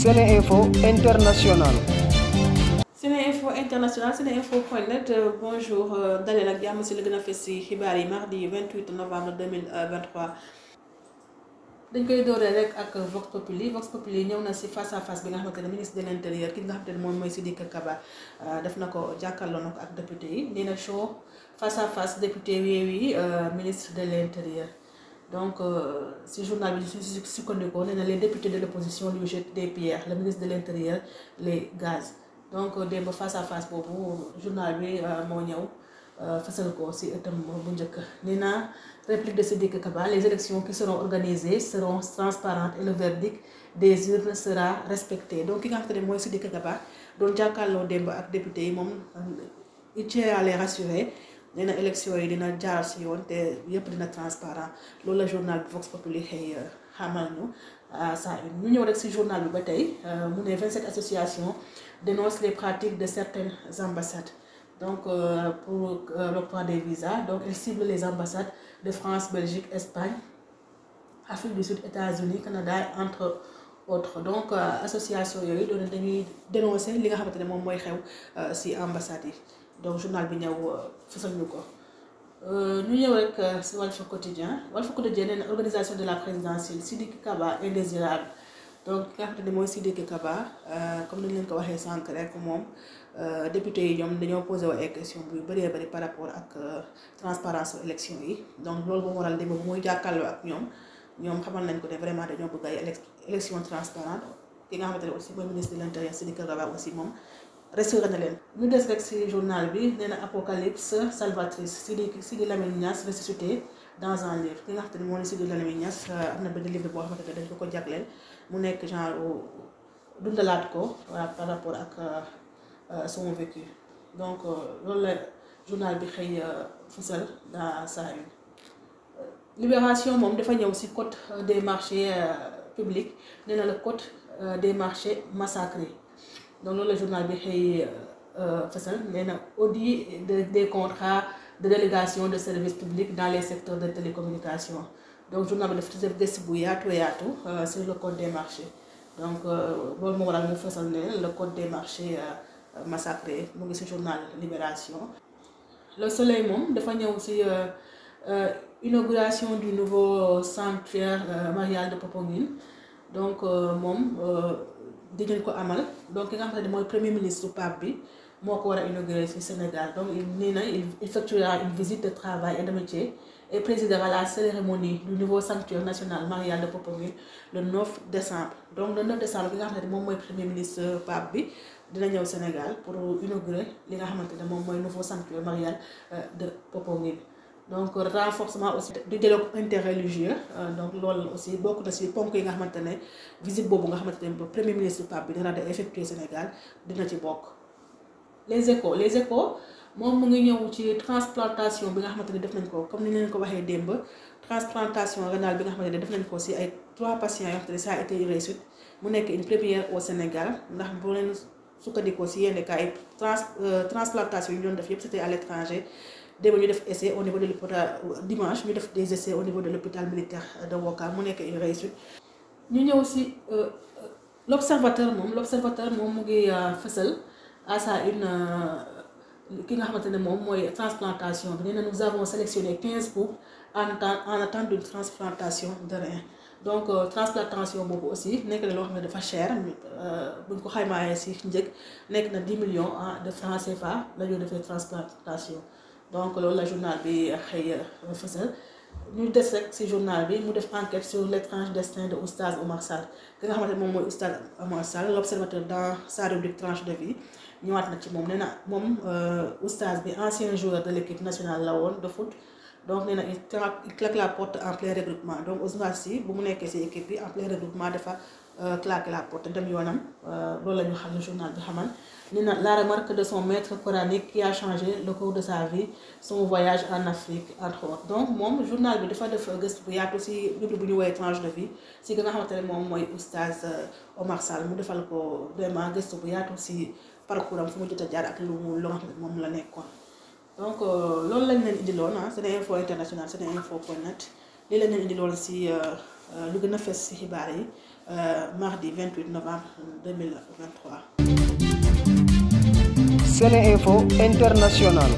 Sene Info International. Sene Info International Sene Info point net euh, bonjour euh, dalee nag jàmm si li gën a fës si xibaar yi mardi 28 novembre 2023. dañ koy dooree rek ak Vox Populi Vox Populi ñëw na si face à face bi nga xamante ne ministre de l' intérieur ki nga xamante ne moom mooy Sidiki Kaba euh, def na ko jàkkaarloo na ko ak député yi nee na show face à face député Yewwi ministre de l' intérieur. donc euh, si journal bi su sukkandikoo nee na les députés de l' opposition lui jettent des pierres le ministre de l' intérieur les gaz donc euh, démb face à face boobu journal bi euh, moo ñëw fasal ko si ëttam bu njëkk nee naa réplique de Sidiki Kaba les élections qui seront organisées seront transparentes et le verdict des urnes sera respecté donc ki nga xamante ne mooy Sidiki Kaba doon jàkkaarloo démb ak député yi moom il tient à nee na élection yi dina jaar si yoon te yëpp dina transparent loolu la journal Vox Populi xëy euh, xamal ñu saa une ñu ñëw rek si journal bi ba tey euh, mu ne 27 associations dénoncent les pratiques de certaines ambassades donc euh, pour euh, des visas donc elle cible les ambassades de France Belgique Espagne Afrique du Sud États-Unis Canada entre autres donc euh, association yooyu doon dañuy dénoncer li nga xamante ne moom mooy xew ci ambassade yi donc journal bi ñëw euh, fësal ñu ko euh, ñu ñëw rek euh, si Walf Quotidien Walf Quotidien nee na organisation de la président présidentielle Sidiki Kaba indésirable donc ki nga xamante ni mooy Sidiki Kaba comme nañ leen ko waxee sànq rek moom député yi ñoom dañoo posé wu ay question bu bëree bëri par rapport ak transparence élection yi donc loolu moo waral démb bu muy jàkkaarloo ak ñoom ñoom xamal nañ ko de vraiment dañoo bëgg ay élection transparente ki nga xamante ne aussi mooy ministre de l'intérieur Sidiki Kaba aussi moom rassuré na leen ñu des rek ci journal bi nee na apocalypse salvatrice Sidi Sidi Lamine Niass ressuscité dans un livre ki nga xam moo ne Sidi Lamine euh, na benn livre boo xamante ne dañ ko ko jagleel mu nekk genre dundalaat ko voilà par rapport ak euh, euh, son vécu donc loolu la journal bi xëy fësal dans sa libération moom dafa ñëw ci code des marché publics nee na le code des marchés massacrés donc loolu la journal bi xëy euh, fësal nee na audit des contrats de délégation de services publics dans les secteurs de télécommunication donc journal bi dafa def gëstu bu yaatu yaatu euh, sur le code de marchés donc loolu le code des marchés euh, massacré mu ngi ci journal Libération. Le Soleil moom dafa ñëw ci inauguration du nouveau sanctuaire marial de Popenguine donc moom. dinañ ko amal donc ki nga xam ne mooy premier ministre Pape bi moo ko war a inauguré fi Sénégal donc nee na il effectuera une visite de travail et de métier et présidera la cérémonie du nouveau sanctuaire national marial de Popenguine le 9 décembre donc le 9 décembre ki nga xamante ne moom mooy premier ministre Pape bi dina ñëw Sénégal pour inaugurer li nga xamante ne moom mooy nouveau sanctuaire marial euh, de Popenguine donc renforcement aussi du dialogue interreligieux euh, donc loolu aussi bokk na si ponk yi nga xamante ne visite boobu nga xamante ne premier ministre Pape bi dana de effectuer Sénégal dina ci bokk les échos les moom mu ngi ñëw ci transplantation bi nga xamante ne def nañ ko comme ni ñu ko waxee démb transplantation rénale bi nga xamante ne def nañ ko si ay trois patients yoo xamante ne ça a été réussite ndax bu leen sukkandikoo si yenn cas yi trans euh, transplantation yi ñu doon def yëpp c'était à l'étranger démb ñu def essai au niveau de l'hôpital euh, def des essais au niveau de l'hôpital militaire de Ouakam mu nekk une réussite ñu ñëw si euh, euh, l'observateur moom l'observateur moom mu ngi fësal à sa une ki nga xamante ne moom mooy transplantation bi nee na nous avons sélectionné quinze pour en attente en attente d'une transplantation de rein donc transplantation boobu aussi nekk na loo xam ne dafa cher buñ ko xaymaayee si njëg nekk na dix millions de francs CFA la ñu defee transplantation. donc loolu la journal bi xëy fësal ñu des rek ci journal bi mu def enquête sur l'étrange destin de oustaz Oumar Sall ki nga xamante moom mooy oustaz Oumar Sall l'observateur dans sa rubrique tranche de vie ñëwaat na ci moom nee na moom euh, oustaz bi ancien joueur de l'équipe nationale la woon de foot donc nee na il claque la porte en plein regroupement donc Ousmane Sy bu mu nekkee si équipe bi en plein regroupement dafa euh, claquer la porte dem yoonam euh, loolu la ñu xam ne journal bi xamal nee na la remarque de son maître coranique qui a changé le cours de sa vie son voyage en Afrique entre autres donc moom journal bi dafa def gëstu bu yaatu si livre bu ñu woowee tranche de vie si nga xamante ne moom mooy oustaz euh, Omar Sall mu defal ko vraiment gëstu bu yaatu si parcours am fu mu jot a ak lu moom la nekkoon. donc euh, loolu lañ leen indiloon ah Sene Info International Sene Info point net lii lañ leen indiloon si euh, euh, lu gën a fes si xibaar yi mardi 28 novembre 2023. Sene Info International.